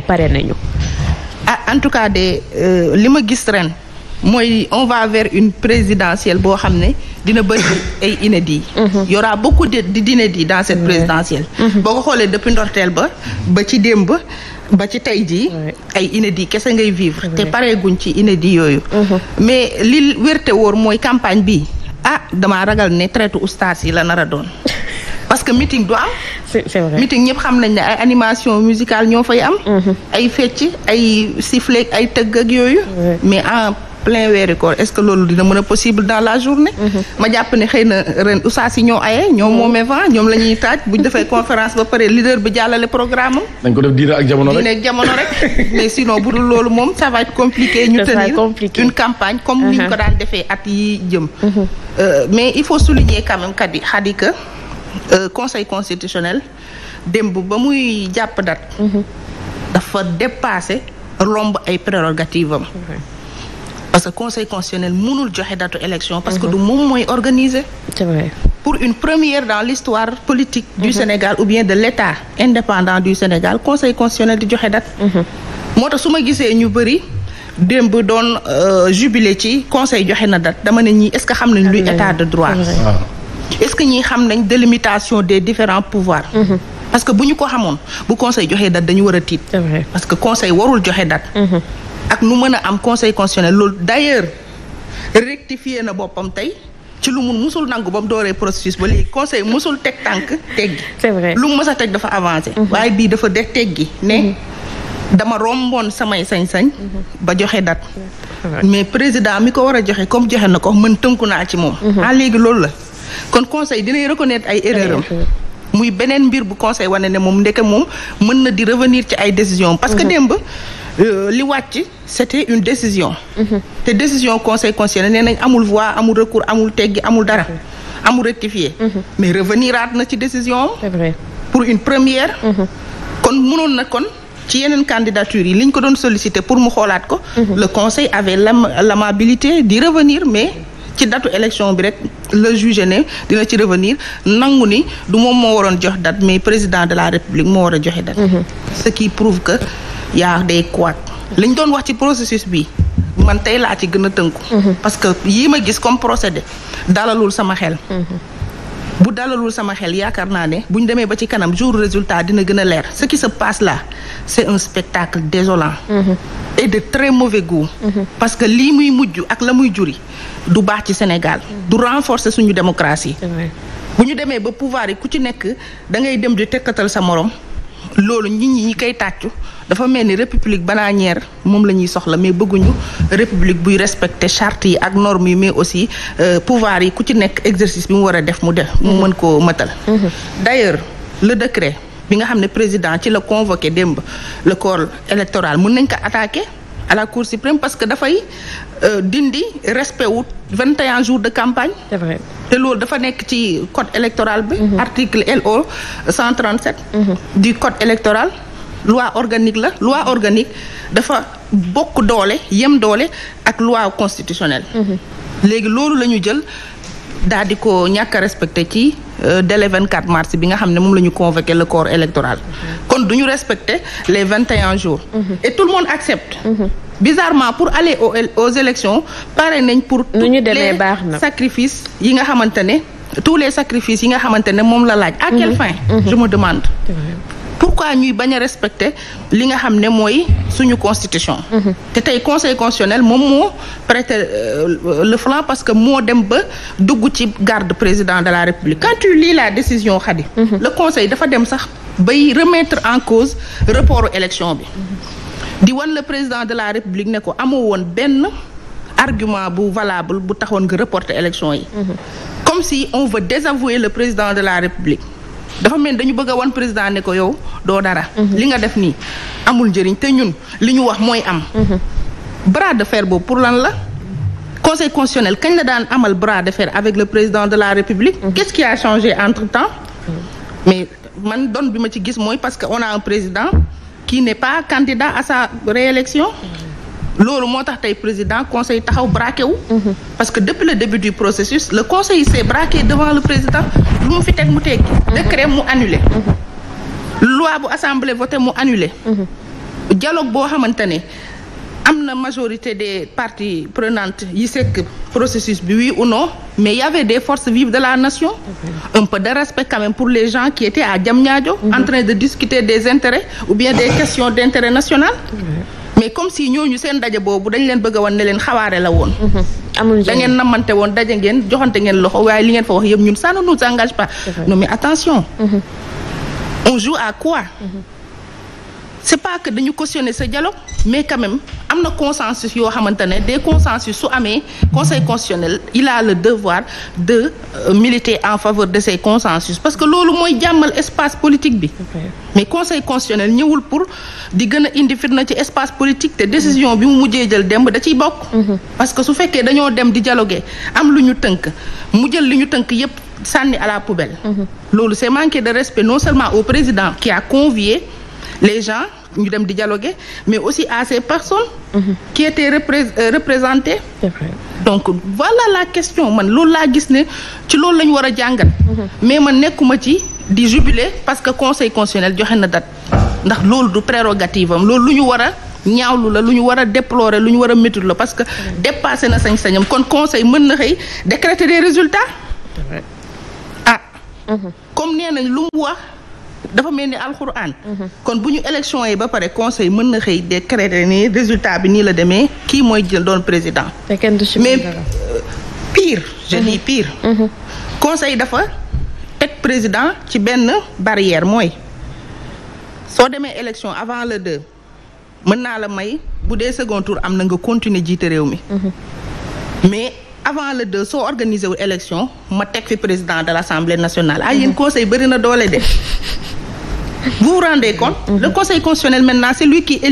pare nañu ah en tout cas de euh, li ma gis ren mooy on va vers une présidentielle boo xam ne dina bëri ay inédits mhm. y aura beaucoup de d'inédits dans cette présidentielle mhm. boo ko xoolee depuis ndorteel ba ba ci démb ba ba ci tey ji ay inédits kese ngay vivre te pareeguñ ci inédits yooyu mhm. mais li wérte wóor mooy campagne bi ah damaa ragal ne traitu oustaz yi la nar a doon parce que du am c'est vrai meeting ñëpp xam nañ ne ay animation musicale ñoo fay am. Mhm. ay fecc ay sifflet ay tëgg ak yooyu. mais en plein weeri koor est-ce que loolu dina mën a possible dans la journée. Mhm. ma jàpp ne xëy na ren oustaz yi ñoo aye ñoom mhm. moomee vent ñoom la taaj bu ñu conférence ba pare leader bi jàllale programme am. dañ ko def diine ak jamono rek diine ak jamono rek mais sinon bu dul loolu moom ça va ñu tenir une campagne comme ni ñu uh-huh. ko daan defee at yi jëm. Uh-huh. Euh, mais il faut souligner Euh, conseil constitutionnel démb ba muy jàpp date. Mhm. dafa dépassé romb ay prérogatives am. parce que conseil constitutionnel mënul joxe datu élection. parce que mhm. du moom mooy organiser. pour une première dans l'histoire politique. du mhm. Sénégal ou bien de l'État indépendant du Sénégal conseil constitutionnel di joxe date. moo tax su ma gisee ñu bëri démb doon euh, jubilé ci conseil joxe na date dama ne ñii est-ce que xam nañ luy état de droit. est-ce que ñi xam nañ délimitation des différents pouvoirs. Mhm. parce que bu ñu ko xamoon bu conseil joxee date dañu war a tiit. parce que conseil warul joxe date. Mhm. ak nu mën a am conseil constitutionnel loolu d'ailleurs rectifié na boppam tey. ci lu mun musul nangu ba mu dooree processus ba léegi conseil musul teg tànk teggi c'est lu mu mës a teg dafa avancer mhm. waaye bii dafa de gi ne dama romboon samay sañ-sañ ba joxe date mais président mi ko war a joxe comme joxe na ko mën naa ci moom ah loolu kon conseil dinay reconnaître ay erreur muy beneen mbir bu conseil wane ne moom ndeke moom mën na di revenir ci ay décision parce que mhm. démb euh, li wàcc c'était une décision mhm. te décision conseil constitutionnel nee nañ amul voix amul recours amul teggi amul dara amul rectifié mhm. mais reveniraat na ci décision pour une première kon mënoon na kon ci yeneen candidature yi li ñu ko doon solliciter pour mu xoolaat ko le conseil avait l'amabilité di revenir mais ci datu élection bi rek le juge ne dina ci revenir nangu ni du moom moo waroon jox date mais président de la république moo war a joxe date. Mhm. ce qui prouve que y a des couacs. liñ doon wax ci processus bi man tey laa ci gën a tënku. Mhm. parce que yii ma gis comme procédé dalalul sama xel. Mhm. bu dalalul sama xel yaakaar naa ne bu ñu demee ba ci kanam jour résultat dina gën a leer ce qui se passe là c'est un spectacle désolant mhm. et de très mauvais goût mhm. parce que lii muy mujj ak la muy juri du baax ci Sénégal mhm. du renforce suñu démocratie bu ñu demee ba pouvoir yi ku ci nekk da ngay dem di tekkatal sa morom loolu nit ñi ñi koy tàccu dafa mel ni république bananière moom la ñuy soxla mais bëgguñu république buy respecter charte yi ak normes yi mais aussi euh, pouvoir yi ku ci nekk exercice bi mu war a def mu def mu mhm. mën koo mëtal mhm. d'ailleurs le décret bi nga xam ne président ci la convoqué démb le corps électoral mun nañ ko attaquer à la Cour suprême parce que dafay euh, dindi respect wut 21 jours de campagne. te loolu dafa nekk ci code électoral bi. Mhm. article LO 137. Mhm. du code électoral. loi organique la loi organique dafa bokk doole yem doole ak loi constitutionnelle. Mhm. léegi loolu lañu ñu jël daal di ko ñàkk respecte ci. Euh, délai 24 mars bi nga xam ne moom la ñu convoqué le corps électoral kon du ñu respecter les 21 jours mhm. et tout le monde accepte mhm. bizarrement pour aller aux aux élections pare nañ pour tous les sacrifices yi nga xamante ne tous les sacrifices yi nga xamante ne moom la laaj à mhm. quelle fin je demande pourquoi ñuy bañ a respecter li nga xam ne mooy suñu constitution. te tey conseil constitutionnel moom moo prêter euh, le flanc parce que moo dem ba dugg ci garde président de la république quand tu la décision Khady. le conseil dafa dem sax bay remettre en cause report élection bi. di wan le président de la république ne ko amoo woon benn argument bu valable bu taxoon nga reporter élection yi. Mhm. comme si on veut désavouer le président de la république. dafa mel dañu bëgg wan président ne ko yow doo dara. li nga def nii amul njëriñ te ñun li ñu wax mooy am. bras de fair boobu pour lan la. conseil constitutionnel kañ la daan amal bras de fer avec le président de la république. Mhm. qu'est-ce qui a entre temps. Mhm. mais man doon bi ma ci gis mooy parce que on a un président qui ne pas candidat à sa réélection. Mhm. loolu moo tax tey président conseil taxaw braqué wu. parce que depuis la début du processus la conseil s'est braqué devant le président lu mu fi teg mu teg teggi. décret mu annulé. loi bu assemblée voté mu annulé. dialogue boo xamante ne am na majorité des parties prenantes yi sekk processus bi oui ou non mais y avait des forces vives de la nation. un peu de respect quand même pour les gens qui étaient à jam en train de discuter des intérêts ou bien des questions d'intérêt national. mais comme si ñooñu seen daje boobu dañ leen bëgg a wan ne leen xawaare la woon. Mhm. amul da ngeen namante woon daje ngeen joxante ngeen loxo waaye li ngeen fa wax yëpp ñun ça ne nous engage pas. non mais attention. Mhm. on joue à quoi. Mhm. c'est pas que dañu cautionner sa dialogue mais quand am na consensus yoo xamante ne des consensus su amee conseil constitutionnel il a le devoir de euh, militer en faveur de ces consensus parce que loolu mooy jàmmal espace politique bi mais conseil constitutionnel ñëwul pour di gën a indi na ci espace politique te décision bi mu mujjee jël demb da ciy bokk mhm. parce que su fekkee dañoo dem di dialoguer am lu ñu tënk mu jël li ñu tënk yépp sànni à la poubelle mhm. loolu c'est manquer de respect non seulement au président qui a les gens ñu dem di dialoguer mais aussi à ces personnes mhm. qui étaient repré euh, représentées donc voilà la question man loolu laa gis ne ci loolu la ñu war a jàngat mhm. mais man nekkuma ci di jubiler parce que conseil constitutionnel joxe na dat ndax loolu du prérogative am loolu lu ñu war a ñaawlu la lu ñu war a déplorer lu ñu war a méttitu la parce que dépassé na sañ-sañam kon conseil mën na xëy décrété des résultats ah. mhm. comme nee nañ lu mu wax dafa mel ni alxuraan. Mhm. kon bu ñu élection yi ba pare conseil mën na xëy décréter ni résultat bi nii la demee kii mooy jël doon président. mais euh, piir je dis mhm. pire. Mhm. conseil dafa teg président ci benn barrière mooy soo demee élection avant le de mën naa la may bu dee second tour am na nga continuer jiite réew mi. mais avant le de soo organisé wu élection ma teg fi président de l' assemblée nationale. ay ah, yéen conseil bëri na doole de. vous vous rendez compte. Mm-hmm. le conseil constitutionnel maintenant c'est